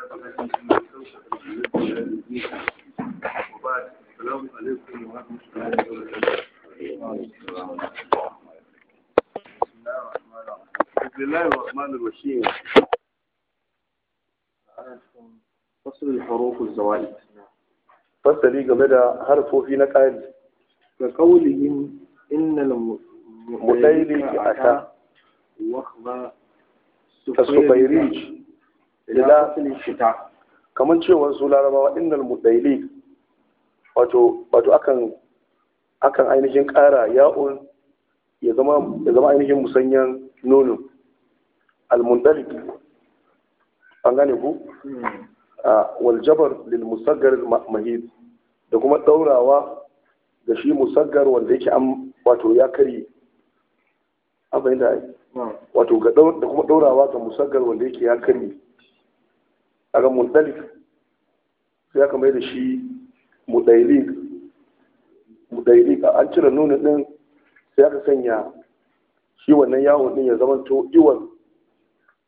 السلام عليكم ورحمة الله وبركاته بسم الله الرحمن الرحيم فصل الحروف والزوائد فصلي game da harfofi na ƙari ga kaulihim innal mutaili aka wa sufairij ila asalin shita kamar cewar su larabawa innal mudaili wato wato akan akan ainihin kara ya'un ya zama ya zama ainihin musanyan nono al-mundalik an gane ku hmm. wal jabar lil musaggar mahid da kuma daurawa da shi musaggar wanda yake an wato ya kare an fahimta hmm. wato da kuma daurawa ga musaggar wanda yake ya kare Aga mundalif sai aka mai da shi mudailik mudailik an cire nuna din sai aka sanya shi wannan yawon din ya to iwan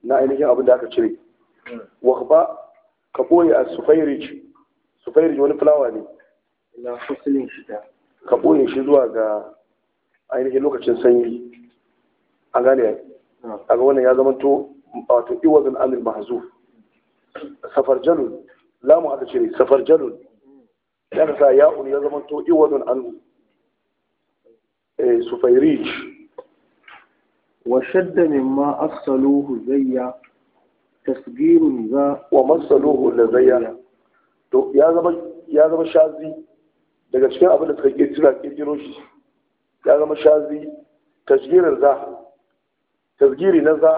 na ainihin abin da aka cire wakba ka boye a sufairij sufairij wani fulawa ne na fusilin da ka boye shi zuwa ga ainihin lokacin sanyi a gane a ga wannan ya zamanto wato iwazin anil mahazuf Safar safarjalun lamu aka cire safarjalun ya kasa ya'un ya zama to iwadun anhu eh, sufairij wa shadda ma asaluhu zayya tasgirun za wa masaluhu la zayya to ya zama ya zama shazi daga cikin abin da suka ke kirkiro shi ya zama shazi tasgirin za tasgiri na za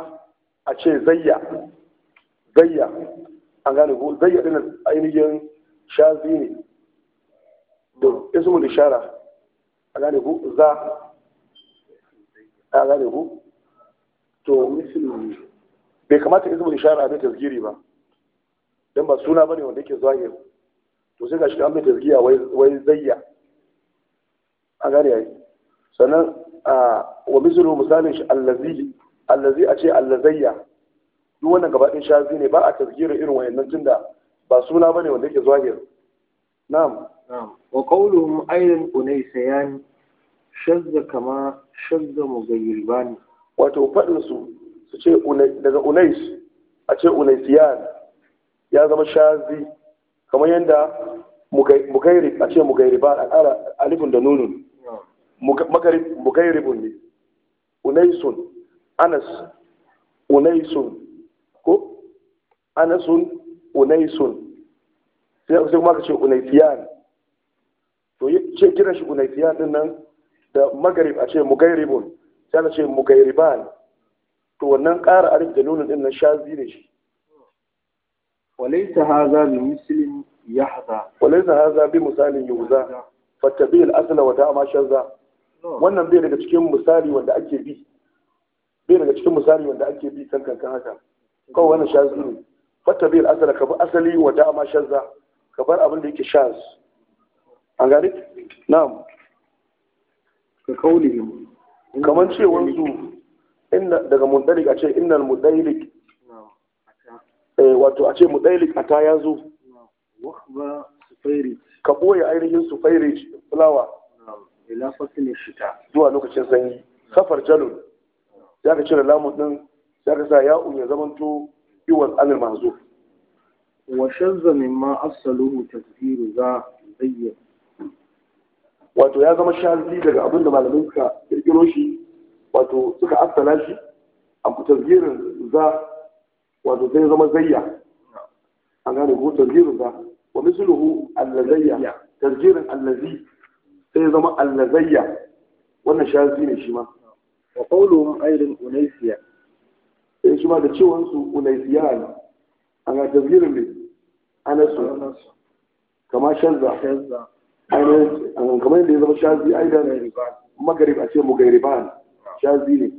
a ce zayya zayya an gane ko zayya din ainihin shazi ne da da ishara an gane ko za an gane ko to bai kamata ismul ishara bai tasgiri ba dan ba suna bane wanda yake zuwa to sai shi an bai tasgiya wai wai zayya an gane yayi sannan wa mislu misalin shi allazi allazi a ce allazayya duk wannan gaba ɗin shazi ne ba a tasgira irin wayannan tunda ba suna bane wanda yake gero. na'am na'am wa qawluhum aynan unaysayan shazza kama shazza mugayyirban wato fadin su su ce daga unais a ce unaysiyan ya zama shazi kamar yadda mugayrib a ce mugayyirban a ƙara alifin da nunun mugayribun ne Unai-sun, anas Unai-sun. ko anasun unaisun sai kuma ka ce unaisiyan to ce kiran shi unaisiyan din nan da magarib a ce mugairibun sai ka ce mugairiban to wannan ƙara arif da nunin din nan shazi ne shi walaisa haza bi muslim yahza walaisa haza bi misalin yuza fattabi al-asla wa ma shazza wannan bai daga cikin misali wanda ake bi bai daga cikin misali wanda ake bi kan kan haka kawai wannan shazi ne fata bil asala ka bi asali wa dama shazza ka bar abin da yake shaz an gani na'am ka kauli kamar ce wanzu inna daga mudalik a ce innal mudalik eh wato a ce mudalik a ta yazo ka boye ainihin sufairit fulawa ila shita zuwa lokacin sanyi safar jalul ya ka cire lamun din sai ka ya ya'un ya to iwan alal mahzuf wa shazza mimma asaluhu tasdiru za zayya wato ya zama shazi daga abin da malamin ka kirkiro shi wato suka asala shi a tasgirin za wato sai zama zayya an gane ko tasgirin za wa misluhu allazayya tasgirin allazi sai zama allazayya wannan shazi ne shi ma wa qawluhum ayrin unaysiya sai shi ma da ciwon su unaisiyan ga tazirin ne anasu kama shazza ainihin eh, kamar yadda ya zama shazi aidan magarib a ce mugairiban ah. shazi ne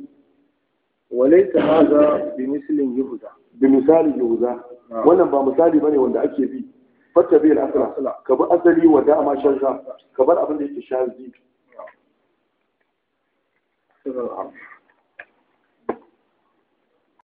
walaita haza bi misalin yuhuda bi ah. misalin yuhuda wannan ba misali bane wanda ake bi fatta bai asala. ka bi asali wa dama shazza ka bar abin da yake shazi ah.